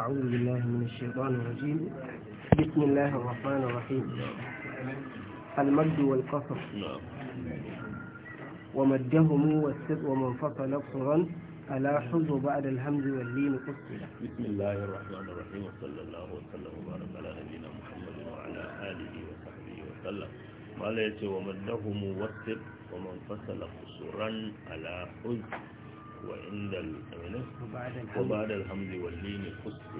أعوذ بالله من الشيطان الرجيم بسم الله الرحمن الرحيم المجد والقصر ومدهم والسر ومن فصل صغا ألا حظ بعد الهمز واللين قصر بسم الله الرحمن الرحيم وصلى الله وسلم وبارك على نبينا محمد وعلى آله وصحبه وسلم قال ومدهم والسر ومن فصل قصرا ألا حظ وعند الأمنس وبعد الحمد واللين فصل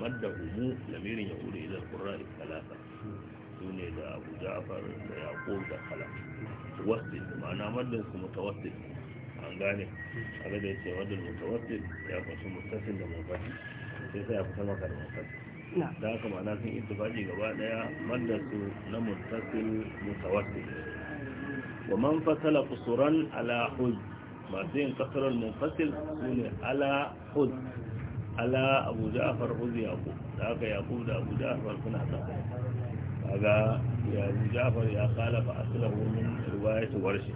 مده مو لمير يقول إلى القراء الثلاثة دون إذا أبو جعفر يقول دخل متوسط معنى مده متوسط an gane a da ce wadda mutawassit ya kunshi mutasin da mafasi sai sai ya fita maka da mafasi da haka ma'ana sun ittifaqi gaba daya na muttasil mutawassil wa man fasala masu yin kasarar munfasil su ne ala hud ala abu ja'afar hud yaƙo da aka yaƙo da abu ja'afar suna kasa kaga ya abu ja'afar ya khalafa aslahu min riwayati warshi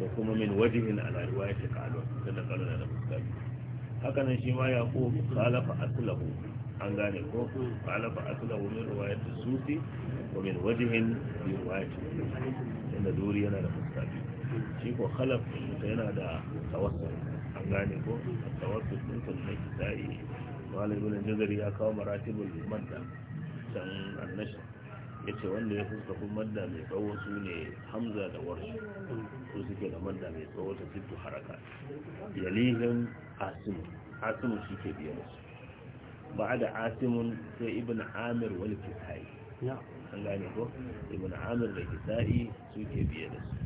da kuma min wajihin ala riwayati qalon tunda qalon da fuska haka nan shi ma yaƙo khalafa aslahu an gane ko khalafa aslahu min riwayati sufi wa min wajihin riwayati inda duri yana da fuska biyu shi ko khalaf yana da tawassul an gane ko tawassul din sun ne kitai walai ibn jazari ya kawo maratibul madda san annashi yace wanda ya fuska kun madda mai tsawo su ne hamza da warshi ko suke da madda mai tsawo ta sittu haraka yalihim asim asim shi ke biye da Asimun sai Ibn Amir wal kitai ya an gane ko ibn amir da kisa'i suke biye da su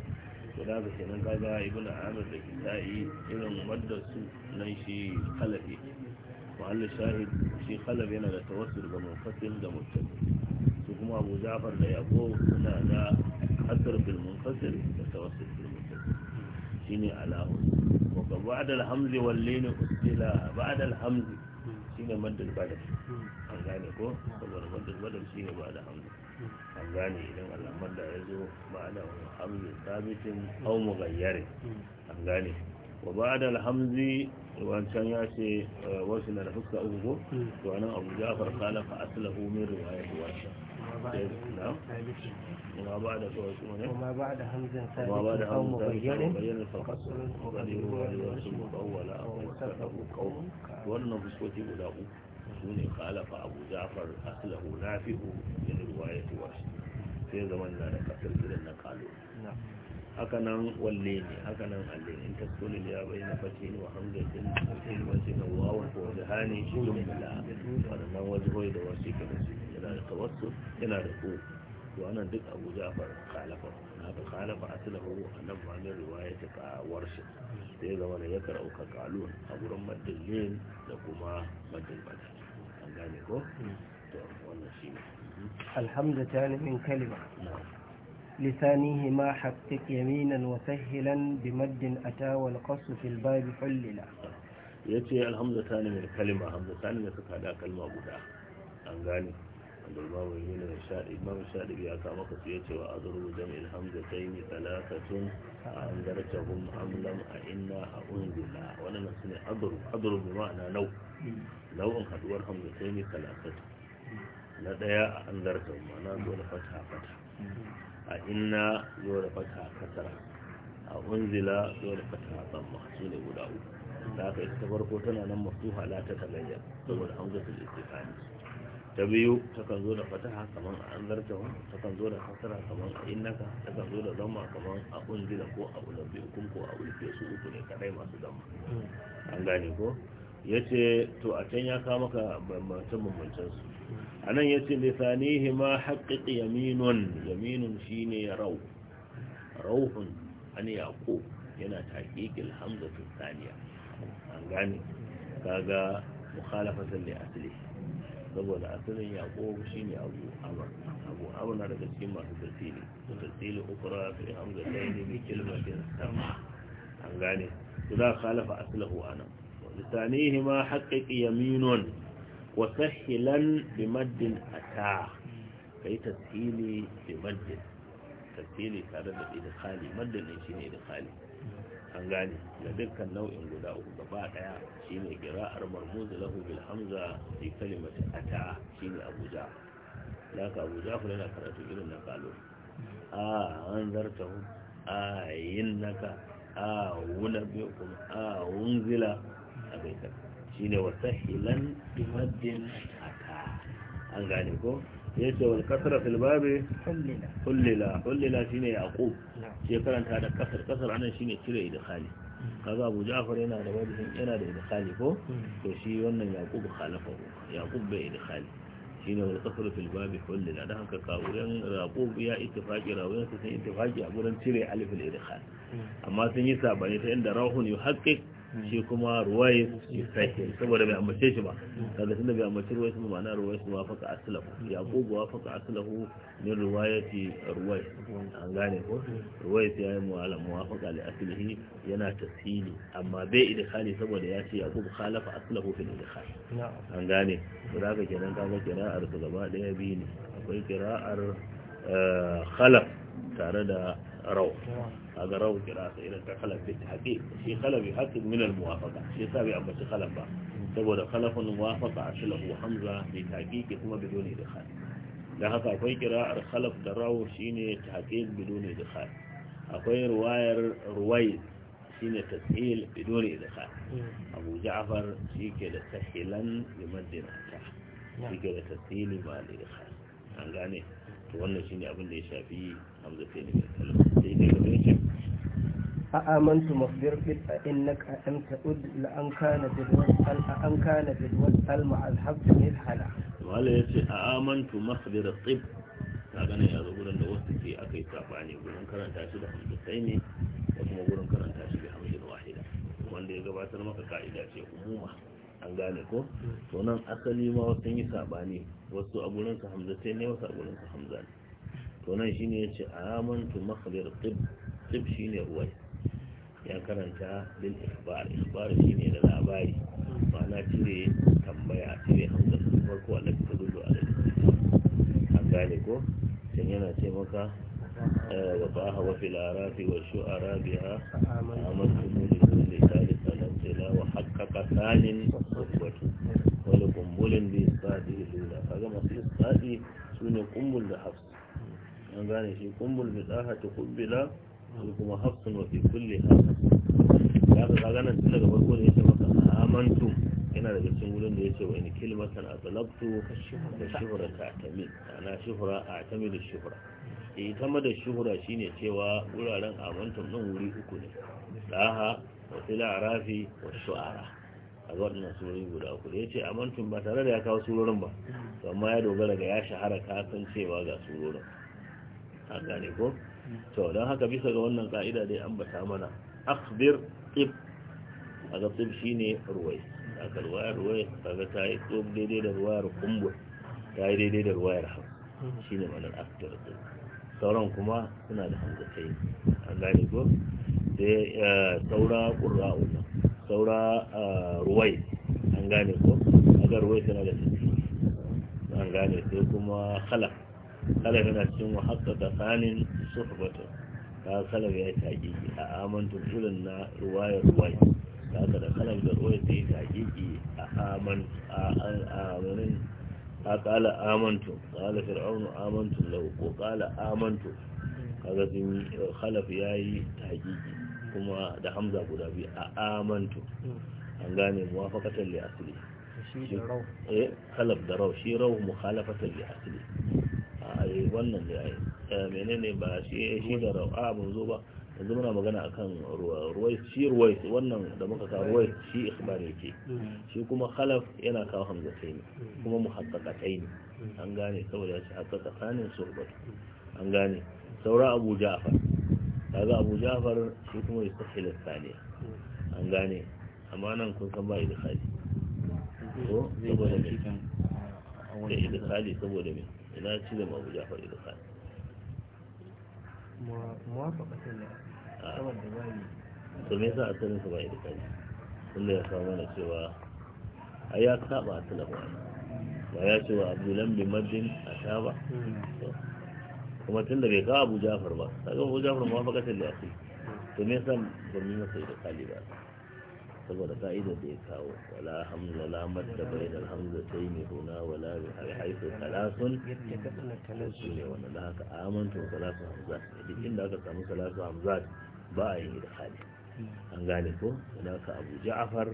to da haka nan kaga ibn amir da kisa'i irin wadda su nan shi khalafi muhallu shahid shi khalafi yana da tawassul ga munfasil da muttasil su kuma abu ja'far da yabo suna da hasar fil munfasil da tawassul fil muttasil shine alahu wa ka ba'da al-hamzi wal lin ustila ba'da al-hamzi shine Madar badal an gane ko saboda maddal shi ba da hamzi an gane idan alamar da ya zo ma'ana hamzi sabitin au gayyare an gane wa da alhamzi wancan ya ce eh, wasu na da fuska uku to anan abu ja'far kala fa aslahu min riwayat washa وما بعد ba بعد همزة ثابت أو مبين مبين فقصر وقد يروى لرسول أول أو وسطه sune khalafa abu ja'far aslahu nafi'u min riwayati wasu sai zaman na da kasar gidan na kalo haka nan walle ne haka nan alle in ta sole da ya bayyana fashe ne wa hamdar din mutum wace na wawan ko da hani shi ne da waɗannan wajihoyi da wasu ke da su yana da tawassu yana da ko to anan duk abu ja'far khalafa haka khalafa aslahu annan ba min ta ka warshi sai zama ne ya karauka kalun a gurin madallin da kuma madallin gane ko hmm. to wannan shi ne alhamdu ta'ala kalima lisanihi ma haqqiq yaminan wa sahilan bi maddin ata wal qas fi yace alhamdu ta'ala kalima hamdu ta'ala ne suka da kalma guda an gane wanda imamu shaɗi ya kama ka tsaye cewa a zurgu jami'in hamza ta yi talatatun a an zarta hum amlam a inna a unzila waɗannan su ne aduru aduru bi ma'ana nau nau'in haɗuwar hamza ta yi talatatun na ɗaya a an zarta hum ma'ana zuwa da fata fata a inna zuwa da fata a zuwa da fata tsamma su ne guda uku da aka ta farko tana nan maftuha la ta talayyar saboda ta istifani ta biyu takan zo da fataha kamar a an zartawa takan zo da fasara kamar a innaka takan zo da zama kamar a unzila ko a ulabi hukum ko a ulfe su uku ne kadai masu zama hmm. an gane ko ya ce to a can ya kama ka bambance bambancen su hmm. a nan ya ce lisanihi ma haƙƙiƙ yaminun yaminun shine rau rauhun an yaƙo yana taƙiƙil hamza saniya an gane kaga mukhalafatan li asli saboda asalin yaƙo shi ne abu amur abu amur na daga cikin masu tasiri su tasiri ukura su yi hamza ta yi bi kilmatin sama an gane su za khalafa asalahu a nan lisanihi ma haƙaƙi yaminun wa sahilan bi maddin ta kai tasiri bi maddin tasiri tare da idkhali maddin ne shi shine idkhali an gane da dukkan nau'in guda uku gaba daya shine qira'ar marmuz lahu bil hamza fi kalimati ata shine abuja ka abuja fa yana karatu irin na kalo a an anzartahu a yinnaka a wuna bi kuma a unzila a bai shine wasahilan bi maddin ata an gane ko yace wal kasra fil babi hullila hullila shine yaqub sai karanta da kasar kasar anan shine cire idkhali kaza Abu Ja'far yana da wajen yana da idkhali ko hmm. to shi wannan yaqub khalafa yaqub bai idkhali shine wal kasar fil babi hullila dan haka ka wurin yaqub ya ittifaqi rawayan sai ittifaqi a gurin cire alif al idkhal hmm. amma sun yi sabani ta inda rahun yuhaqqiq shi kuma ruwaye su sahih saboda bai ambace shi ba kaga tunda bai ambace ruwaye su ma'ana ruwaye su wa faka aslahu yaqub wa faka aslahu min ruwayati ruwaye an gane ko ruwaye sai yayi mu'ala muwafaqa li aslihi yana tasili amma bai idkhali saboda ya ce yaqub khalafa aslahu fil idkhal an gane to daga kenan kaga kira'ar su gaba daya bi ne akwai kira'ar eh, khalaf tare da raw kaga raw kira sai irin ta khalaf bi tahqiq shi khalaf bi haqq min al muwafaqa shi yasa bai ambaci khalaf ba saboda khalafun muwafaqa ashlahu hamza bi tahqiq kuma biduni dikhal dan haka akwai kira'ar khalaf da raw shine tahqiq biduni dikhal akwai ruwayar ruwai shine tashil biduni idkhal abu ja'far shike da tahilan bi madina ta shike da tashil ba da idkhal an wannan shine abin ya shafi hamza أآمنت مصدر إنك أن تعود لأن كان بالوسأل أن كان بالوسأل مع الحفظ للحلا ولا يتي آمنت مصدر الطب kagana ya zo gurin da wasu ke aka yi sabani gurin karanta shi da sai ne da kuma gurin karanta shi da hamdin wahida wanda ya gabatar maka ka'ida ce umuma an gane ko to nan asali ma wasu yi sabani wasu a gurin su sai ne wasu a gurin su hamza ne to nan shine yace amantu makhlir tib tib shine ruwai ya karanta bil ikhbar ikhbar shine da labari ma'ana cire tambaya cire hamza farko a lafi tadudu a an gane ko can yana ce maka eh, wa ba'aha wa fil arafi wa shu'ara biha amantu bi kulli salisa lam tila wa haqqaqa salin usbatu wani kumbulin bi isbati lula kaga masu isbati sune kumbul da hafi. an gane shi kumbul bi ta kubbila kuma hafsun wa fi kulli hafsun ya ka kaga nan tun daga farko da yake maka amantu yana daga cikin wurin da yace wa in kilmatan atlaqtu da shuhra ta atami ana shuhra a atami da shuhura e eh, ita ma da shuhra shine cewa wuraren amantum nan wuri uku ne daha wa fil arafi wa shu'ara a ga waɗannan surori guda uku da yace Amantun ba tare da ya kawo surorin ba amma ya dogara ga ya shahara ka san cewa ga surorin haka ne ko to don haka bisa ga wannan ka'ida dai an bata mana akhbir tib aga tib shine ruwai aga ruwayar ruwai aga ta yi tsob daidai da ruwayar kumbur ta yi daidai da ruwayar ham mm-hmm. shine manar akhbir tib sauran kuma suna da hanzatai an gane ko sai eh, saura nan. saura eh, ruwai an gane ko aga ruwai suna da tafi an gane sai kuma halak salaf yana cikin wa haƙa tsakanin suhbatu ka kala ya yi taƙiƙi a amantu irin na ruwayar ruwai ta kada kala salaf da ruwai ta yi taƙiƙi a amanin a kala amantu kala fir'aunu amantu lau ko ƙala amantu kaga sun khalaf ya yi taƙiƙi kuma da hamza guda biyu a amantu an gane muwafaqatan li asli shi eh, khalaf da raw shi raw mukhalafatan li asli a yi wannan da ya ai eh, menene ba shi shi da ra'a mun zo ba yanzu muna magana akan ruwai shi ruwai wannan da muka kawo ruwai shi ikhbar yake shi kuma khalaf yana kawo Hamza hamzatai ne kuma muhaqqaqatai ne an gane saboda ya ci hakka tsakanin suhbat an gane saura abu ja'far kaga abu ja'far shi kuma ya sahil thaniya an gane amma nan kun san ba idkhali to saboda me da idkhali saboda me ina cizon abu jafar ido kan muwafaqatan ah. ne saboda wani to me yasa asalin su ba ido kan Allah ya samu na cewa a ya saba a wani ba ya ce wa abdulan bin madin a sha ba hmm. kuma tun da bai kawo abu jafar ba ta gama abu jafar muwafaqatan ne asali to me yasa ba mu masa ido kali ba saboda ka'idar da ya kawo wala hamza la madda bainal hamzatayn huna wala bi haythu thalathun ne wannan da haka amantu salatu hamzat duk inda aka samu salatu hamzat ba a yi idkhali an gane ko dan haka Abu Ja'far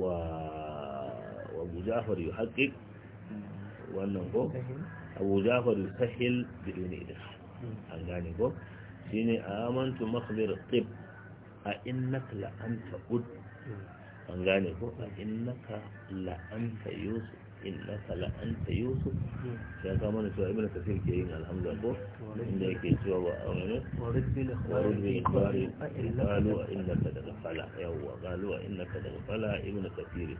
wa wa Abu Ja'far yuhaqqiq wannan ko Abu Ja'far yusahhil bidun idkhal an gane ko shine amantu makhbir tib a innaka la anta ud an gane ko a innaka la'anta yusuf innaka la'anta yusuf ya ka mana cewa ibnu kasir ke yin alhamdulillah ko inda yake cewa wa amanu wa rabbil bari qalu innaka daga fala yawwa qalu innaka daga fala ibnu kasir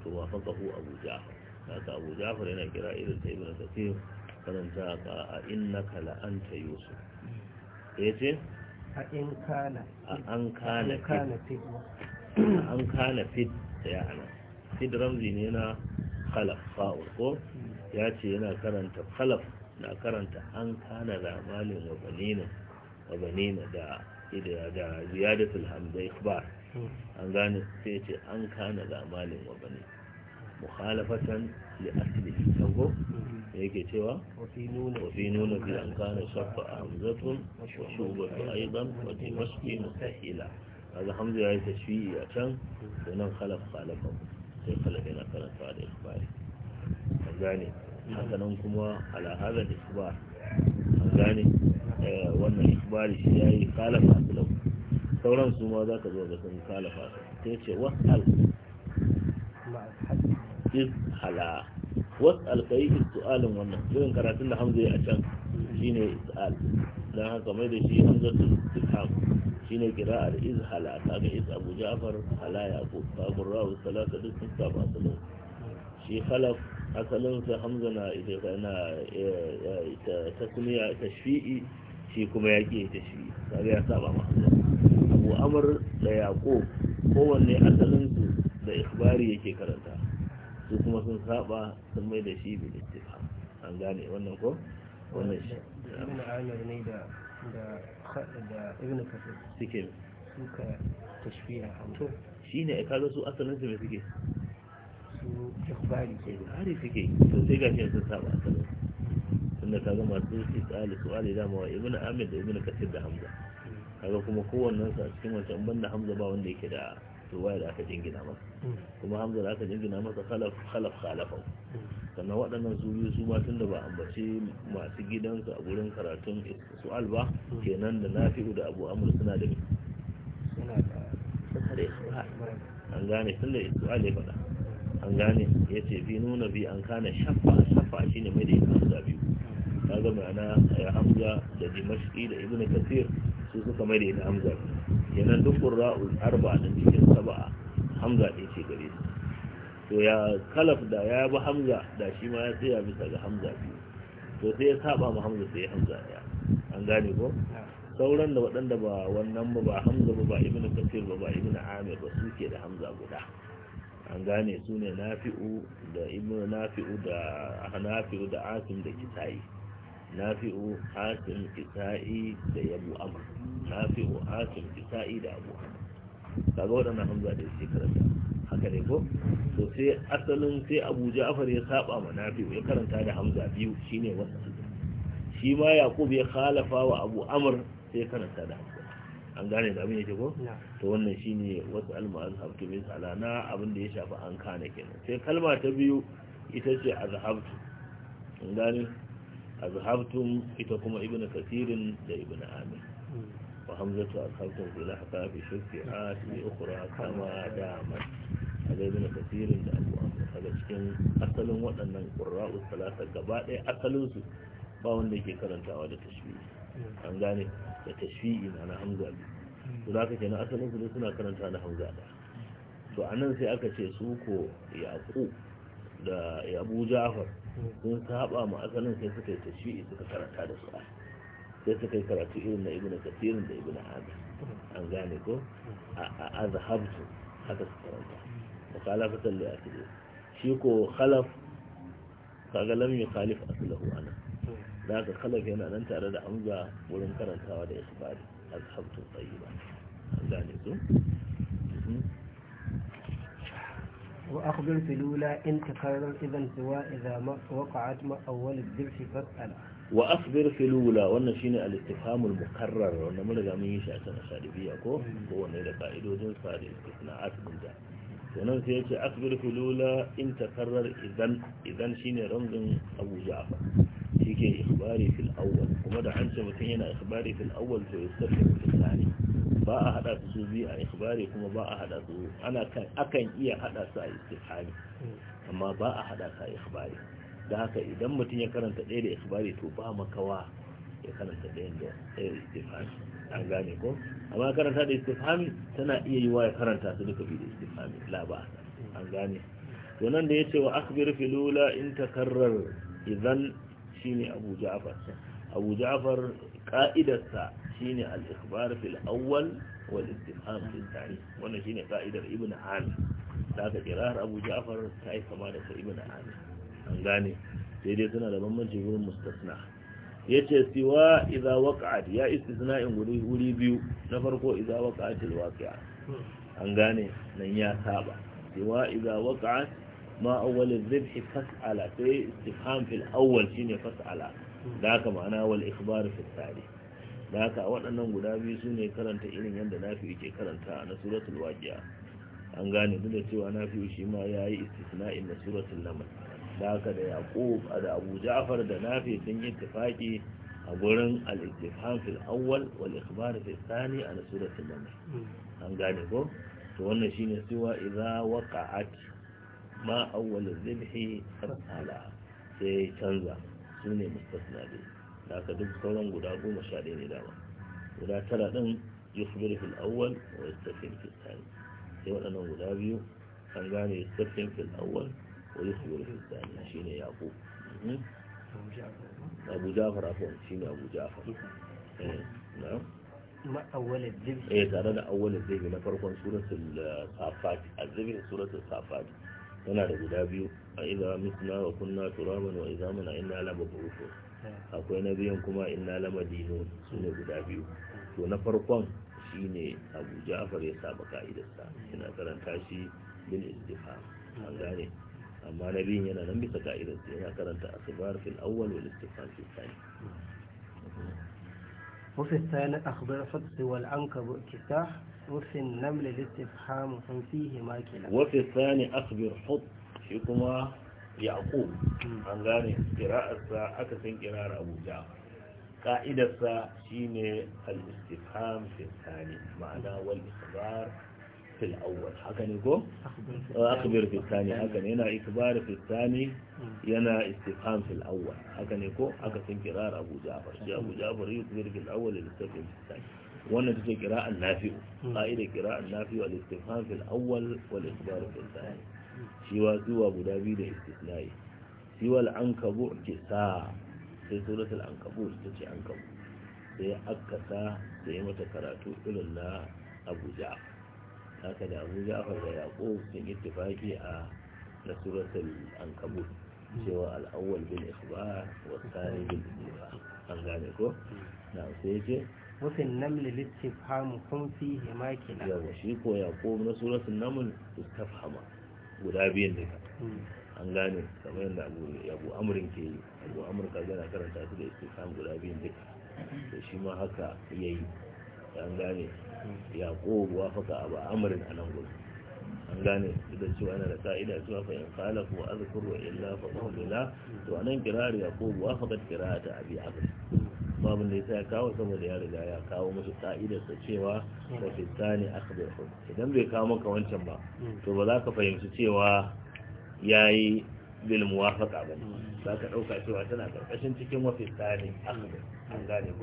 to wa wafaqahu abu ja'far haka abu ja'far yana kira irin sai ibnu kasir karanta ka a innaka la'anta yusuf mm. yace a in kana a an kana an kana fit da ya ana fit ramzi ne na khalaf fa'ul ko ya ce yana karanta khalaf na karanta an kana malin wa banina wa banina da da ziyadatul hamza ikhbar an gane sai ce an kana da malin wa banina mukhalafatan li asli tango yake cewa wafi nuna bi an kana shaffa amzatun wa shubatu aidan wa dimashqi mutahila kaga hamza ya yi shi a can to nan khalaf khalafa sai khalaf yana karanta da ikhbari an gane haka nan kuma ala hadha ikhbar an gane eh, wannan ikhbari shi ya yi khalafa aslau sauran su ma za ka zo ga sun khalafa sai ce wasal iz hala wasal kai su'alin wannan irin karatun da hamza ya a can shine is'al dan haka mai da shi hamza istifham shine kira al izhala kaga iz abu ja'far hala yaqub babu rawu salata duk sun ta ba asalin shi khalaf asalin sa hamza na ita na eh, eh, tasmiya shi'i shi kuma yake ta shi kaga ya saba ma abu amr da yaqub kowanne asalin su da ikhbari yake karanta su kuma sun saba sun mai da shi bi ittifaq an gane wannan ko wannan shi da ibn kasir suke suka a to shine ai eh, kaga su asalin su me suke su ikhbari ke hari suke to sai gashi sun saba asalin tunda kaga masu tsali su ali da mawa ibn amir da ibn kasir da hamza kaga kuma kowanne su a cikin wancan banda hamza ba wanda yake da ruwaya da aka jingina masa mm. kuma hamza da aka jingina masa khalaf khalaf khalafa mm. sannan waɗannan biyu su ma tun da ba ambace masu gidansu a gurin karatun su'al ba kenan da fi da abu amur suna da suna suna an gane tun da su'al ya faɗa an gane ya ce fi nuna bi an kana shafa shafa shi ne mai da ya hamza biyu ta ga ma'ana ya eh, hamza da dimashki da ibn kasir su suka mai da ya hamza kenan duk ra'ul arba da cikin saba'a hamza ne ce gare su to ya kalaf da ya bi hamza da shi ma ya tsaya bisa ga hamza biyu to sai ya saba ma hamza sai hamza ya an gane ko sauran da waɗanda ba wannan ba ba hamza ba ba Ibn kafir ba ba Ibn amir ba su ke da hamza guda an gane su ne nafi'u da ibn nafi'u da hanafi'u da asim da kitai nafi'u asim kitai da yabu amr nafi'u asim kitai da abu amr kaga waɗannan hamza da shekarar karanta haka ne ko to sai asalin sai abu ja'far ya saba ma nafi ya karanta da hamza biyu shine wasu shi ma yaqub ya khalafa wa abu amr sai karanta da hamza an gane da abin yake ko to wannan shine wasu al-mu'azhabtu min salana abin da ya shafi an kana kenan sai kalma ta biyu ita ce azhabtu an gane azhabtum ita kuma ibnu kasirin da ibnu amir وحمزة أصحابكم في لحقة في شرك آت أخرى كما دامت kaga ibn kasirin da abu amur daga cikin asalin waɗannan ƙurra'u talata gaba ɗaya asalin su ba wanda yake karantawa da tashwi'i an gane da tashwi'i na na hamza biyu hmm. to za ka kenan asalin su ne suna karanta na hamza ɗaya to a nan sai aka ce su ko yaƙu da yabu jafar sun saba ma asalin sai suka yi tashwi'i suka karanta da su? sai suka yi karatu irin na ibn kafirin da ibn Adam. an gane ko hmm. a azhabtu haka su karanta mukhalafatan li asli shi ko khalaf kaga lam yukhalif aslahu ana da ka khalaf yana nan tare da hamza wurin karantawa da isbari azhabtu tayyiba an gane su وأخبر في الأولى إن تكرر إذا سواء إذا وقعت ما أول الدرس فاسأل وأخبر في الأولى وأن شين الاستفهام المكرر وأن ملغا من يشأ سنة شاربية كو هو نيرا قائد وجن صار استثناءات من ذلك sannan sai ya ce asibir filula in takarar idan idan shine ramzin abu ja'far shi ke ikhbari fil awwal kuma da an ce mutum yana ikhbari fil awwal to yastarfi fil thani ba a hada su su biyu a ikhbari kuma ba a hada su ana kan akan iya hada su a istifhami amma ba a hada su a ikhbari da haka idan mutum ya karanta ɗaya da ikhbari to ba makawa ya karanta ɗaya da istifhami an gane ko amma karanta da istifhami tana iya yiwa ya karanta su duka biyu da istifhami la an gane to nan da yace wa akhbir filula in takarrar idan shine Abu Ja'far Abu Ja'far ka'idarsa shine al-ikhbar fil awwal wal istifham fil thani wannan shine ka'idar Ibn Hani da ka kirar Abu Ja'far ta yi kama da Ibn Hani an gane sai dai suna da bambanci wurin mustasna yace siwa idza waqa'at ya istisna'in guri guri biyu na farko idza waqa'at alwaqi'a an gane nan ya saba siwa idza waqa'at ma awwal adh-dhabh fas'ala sai istifham fil awwal shine fas'ala da haka ma'ana wal ikhbar fi tsari da haka waɗannan guda biyu sune karanta irin yadda nafi yake karanta na suratul waqi'a an gane duk da cewa nafi shi ma yayi istisna'in na suratul namal da haka da yaqub da abu ja'far da nafi sun yi tafaki a gurin al-ittifham fil awwal wal ikhbar fil thani ala suratul naml an gane ko to wannan shine cewa idza waqa'at ma awwal dhabhi ala sai canza sune mustasna dai da haka duk sauran guda goma sha ɗaya ne dama guda tara ɗin yusbiru fil awwal wa yastafin fil thani sai waɗannan guda biyu an gane yastafin fil awwal wani shi ne yaƙo hmm? abu jafar afon shi ne abu jafar eh, eh, tare da awalin zai na farkon suratul eh, safat azibin suratul safat tana da guda biyu a idza mitna wa kunna turaban wa idza mana inna akwai na biyan kuma inna la su ne guda biyu to na farkon shine Abu Ja'far ya saba ka'idarsa hmm. ina karanta shi bil istifham an gane amma na biyun yana nan bisa ka'idar su yana karanta akhbar fil awwal wal istifham fil thani وفي الثاني أخبر فتح والعنكب اكتاح وفي النمل الاستفهام فيه ماكلة وفي الثاني أخبر حط فيكما يعقوب عن ذلك قراءة أكثر قراءة أبو جعفر قاعدة شين الاستفهام في الثاني معنى والإخبار fil awwal haka ne ko akhbir fil oh, thani haka ne yana ikbar fil thani hmm. yana istifham fil awwal haka ne ko aka san kirar Abu Ja'far shi Abu Ja'far yukbir fil awwal da istifham fil thani wannan take kira'an nafi'u qa'ida hmm. kira'an nafi'u al istifham fil awwal wal ikbar fil thani hmm. shi wa zuwa guda biyu da istisnai shi wal kisa sai suratul sai sa sai mata karatu irin na Abu Ja'far haka da abu ja'far da yaƙo sun ittifaki a na suratul ankabut cewa al'awwal bil ikhbar wa tsari bil ikhbar an gane ko na sai ce wafin naml littifhamu kun fi himakina yawa shi ko yaƙo na suratul naml istafhama guda biyan duka an gane kamar yadda abu abu amrin ke yi abu amurka gana karanta su da istifham guda biyan duka to shi ma haka yayi an gane yaƙobu wa faka abu amurin a nan gudu an gane da cewa yana da ka'ida cewa fa'in kala ko azkur wa illa fa qawla to anan kirar yaqub wa kira ta abi abd babu da ya kawo saboda ya riga ya kawo musu ka'ida ta cewa fa fitani akhbirhum idan bai kawo maka wancan ba to ba za ka fahimci cewa yayi للموافقة بني باك عوكا سوعة ناكر عشان تكون وفي الثاني أخذ عن ذلك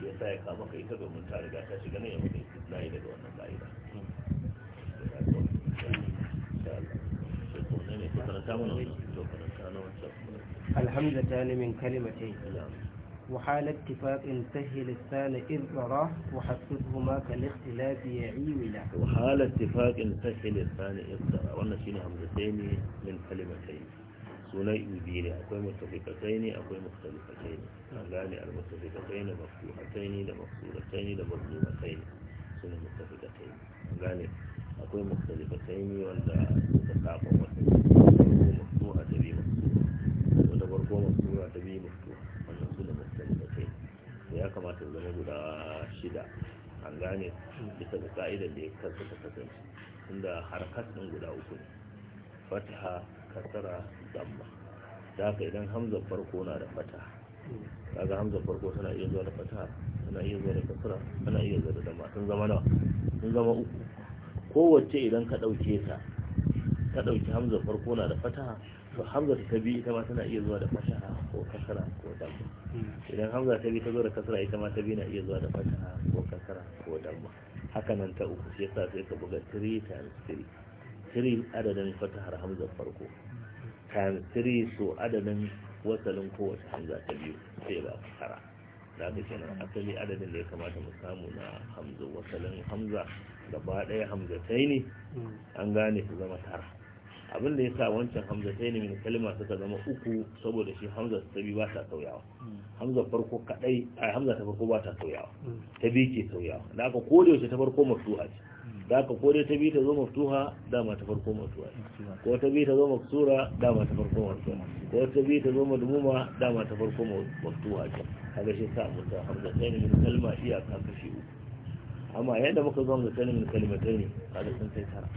في سايقا وقيتا ومن تارقا تشغني يمكن لا إله إلا الله إلا الحمد لله من كلمتين وحال اتفاق سهل الثاني إذ راه وحسبهما كالاختلاف يعي ولا وحال اتفاق سهل الثاني إذ راه ونسينا همزتين من كلمتين sunan ibi ne akwai mutafikatai ne akwai mutafikatai ne an gane al-mutafikatai ne mafuhatai ne da mafuhatai ne da mazlumatai ne ne mutafikatai ne an gane akwai mutafikatai ne wanda suka saba wata ne mafuha ta biyu mafuha wata farko mafuha ta biyu mafuha wannan ne mutafikatai ne ya kamata zama guda shida an gane bisa ga ka'idar da ya kasa kasance inda har kasin guda uku ne fataha kasara damma da haka idan hamza farko na da fata kaga hamza farko tana iya zuwa da fata tana iya zuwa da kasara tana iya zuwa da damma sun zama nawa sun zama uku kowace idan ka ɗauke ta ka ɗauki hamza farko na da fata to hamza ta bi ita ma tana iya zuwa da fataha ko kasara ko damma idan hamza ta bi ta zo da kasara ita ma ta bi na iya zuwa da fataha ko kasara ko damma haka nan ta uku shi yasa sai ka buga 3 times 3 3 adadin fatahar hamzar farko times 3 so adadin wasalin kowace hamza ta biyu sai ba fara da aka kenan asali adadin da ya kamata mu samu na hamza wasalin hamza gaba daya hamza ne an gane su zama tara abin da ya sa wancan hamza ta ne mai kalma suka zama uku saboda shi hamza ta biyu ba ta sauyawa hamza farko kadai a hamza ta farko ba ta sauyawa ta biyu ke sauyawa da aka kodayaushe ta farko a ce da ko dai ta bi ta zo maftuha dama ta farko maftuha ko ta bi ta zo maksura dama ta farko maftuha ko ta bi ta zo madmuma dama ta farko maftuha ce kaga shi sa mu ta hamza tsayin min kalma iya ka kashi uku amma yadda muka zo mu tsayin min kalmatai ne kaga sun sai tara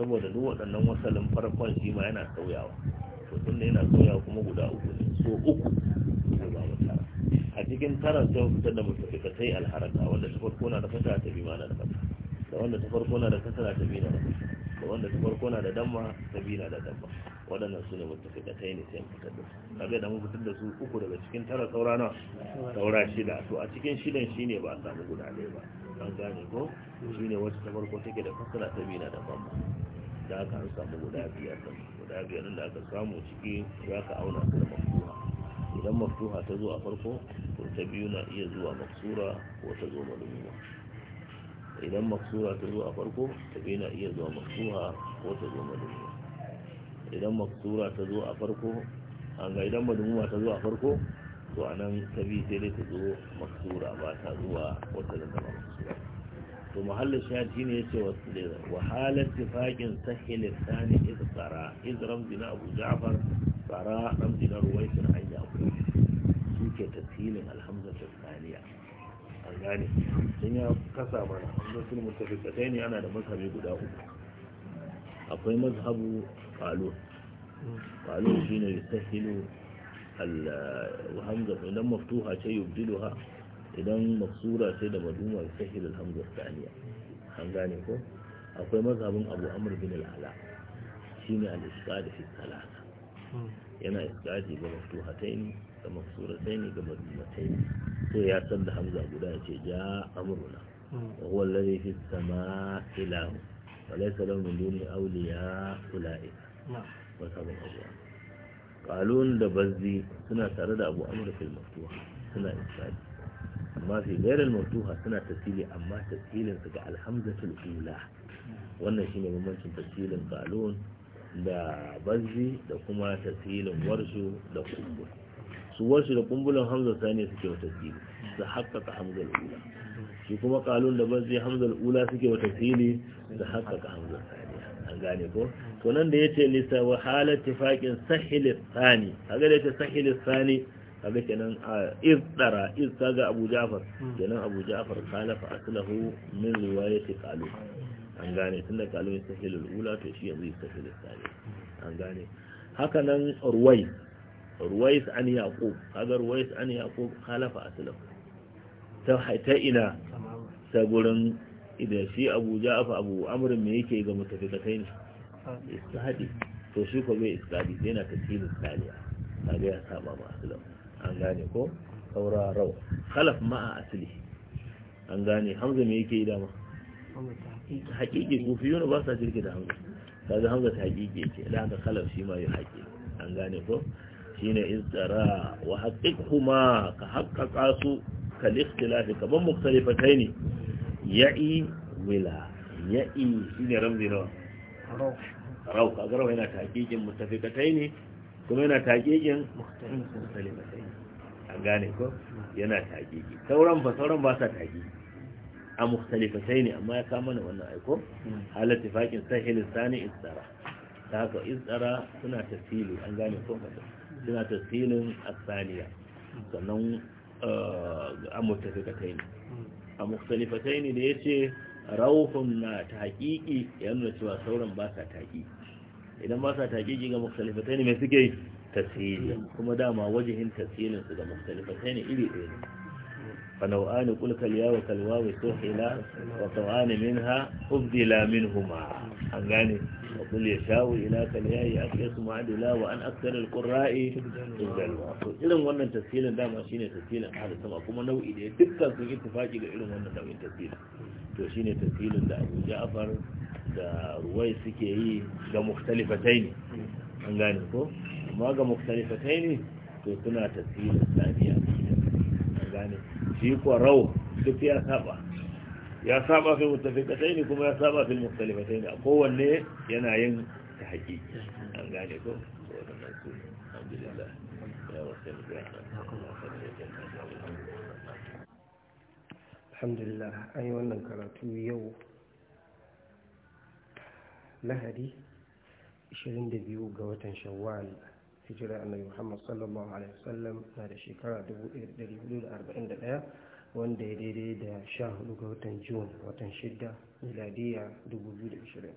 saboda duk waɗannan wasalin farkon shi ma yana sauyawa to tun yana sauyawa kuma guda uku ne so uku ne ba mu tara a cikin tara sai fitar da mutafikatai alharaka wanda ta farko na da fata ta bi ma na da fata da wanda ta farko na da kasara ta bina na da da wanda ta farko na da damma ta bina na da damma waɗannan su ne mutu da ta yi ne sai mu fitar da su kaga da mun fitar da su uku daga cikin tara saura na saura shida to a cikin shidan shine ba a samu guda ɗaya ba an gane ko shine wacce ta farko take da kasara ta bina na da damma da aka an samu guda biyar da guda biyar da aka samu ciki za ka auna su da mafuha idan mafuha ta zo a farko to ta biyu na iya zuwa maksura ko ta zo malumuwa idan maksura ta zo a farko tabi na iya zuwa maksuha ko ta zo madumuma idan maksura ta zo a farko an ga idan madumuma ta zo a farko to a nan tabi sai dai ta zo maksura ba ta zuwa wata da zama maksura to mahallin shafi ne ya ce wa halar tifakin sahil Sani, isa tsara isa ramzi na abu ja'afar tsara ramzi na ruwaisin hanya yaku suke tafilin alhamdulillah tsaniya an gane in ya kasa mana musul mutafiqatai ne ana da mazhabi guda uku akwai mazhabu falo shi shine ta hilo hamza idan maftuha ce ha, idan maksura ce da maduma ta hilo hamza saniya an gane ko akwai mazhabin abu amur bin al'ala Shi ne al da fi salasa hmm. yana isqadi bi maftuhatain da mafsuratai ne ga madinatai to ya san da hamza guda ya ce ja amuruna mm. wa huwa alladhi fi sama ilahu wa laysa lahu min duni awliya ulaika wa sabon abuwa qalun da bazzi suna tare da abu amr fil maftuha suna isfadi, amma fi gairar maftuha suna tasili amma tasirin su ga alhamzatul ula wannan shine bambancin tasilin qalun da bazzi da kuma tasilin warsu da kumbun. su wasu da kumbulan hamza Sani suke wa tasiri su haƙaƙa hamza ula shi kuma ƙalun da bazai hamza ula suke wa tasiri su haƙaƙa hamza Sani. a gane ko to nan da yace lisa wa halar tifaqin sahil sani kaga da yace sahil sani a ga kenan iz dara iz ga abu ja'far kenan abu ja'far khalafa aslahu min riwayati qalun an gane tunda qalun sahil ula to shi yanzu sahil sani an gane haka nan ruwai ruwais an yaqub kaga ruwais an yaqub khalafa aslam ta haita ina ta gurin idan shi abu ja'afa abu amrin me yake ga mutafiqatai ne istihadi to shi ko bai istihadi yana tasirin saliya kaga ya saba ma aslam an gane ko saura raw khalaf ma a asli an gane hamza me yake yi dama haƙiƙi kufiyuna ba sa jirki da hamza kaga hamza ta haƙiƙi yake da haka khalaf shi ma yi haƙiƙi an gane ko shine izdara wa haqiqhuma ka haqqaqa su kal ikhtilaf kaman mukhtalifatain ya'i wila ya'i shine ramzi rawa rawa ka garo yana taqiqin mutafiqatain kuma yana taqiqin mukhtalifatain an gane ko yana taqiqi sauran ba sauran ba sa taqiqi a mukhtalifatai ne amma ya kama mana wannan aiko halar hmm. faqin sahilin sani isara ta haka izdara suna tafili an gane ko fata suna tasinin asaniya sannan eh, mutafikatai ne a mutafikatai ne da ya ce raufin na ta ya nuna cewa sauran ba sa haƙiƙi idan ba sa haƙiƙi ga mutafikatai ne mai suke ta tasiri kuma dama wajihin tasirin su ga mutafikatai ne iri ɗaya ne fa nau'ani qul kal yawa kal wawi suhila wa min minha ubdila minhuma an gane وقل يشاو إلاك الياي أخيص معدلا وأن أكثر القراء تبدلوا إذن وانا تسهيلا دا ما شيني تسهيلا هذا سما كما نوئي دي تبقى سوى اتفاقي إذن وانا نوئي تسهيلا to shine tasirin da Abu Ja'far da Ruwai suke yi ga mukhtalifataini an amma ga mukhtalifataini to suna tasirin saniya an gane shi duk ya saba يا سابا في المتفقتين كما يا سابا في المختلفتين هو اللي ينعين تحجي أنقانكم الحمد لله يا رسول الله الحمد لله أي وأنا كراتو يو لهدي شرين بيو قوة شوال هجرة أن محمد صلى الله عليه وسلم هذا الشيكارة دبو إردري حدود أربعين دقيقة wanda ya daidai da sha hudu ga watan jun watan shida miladiya 2020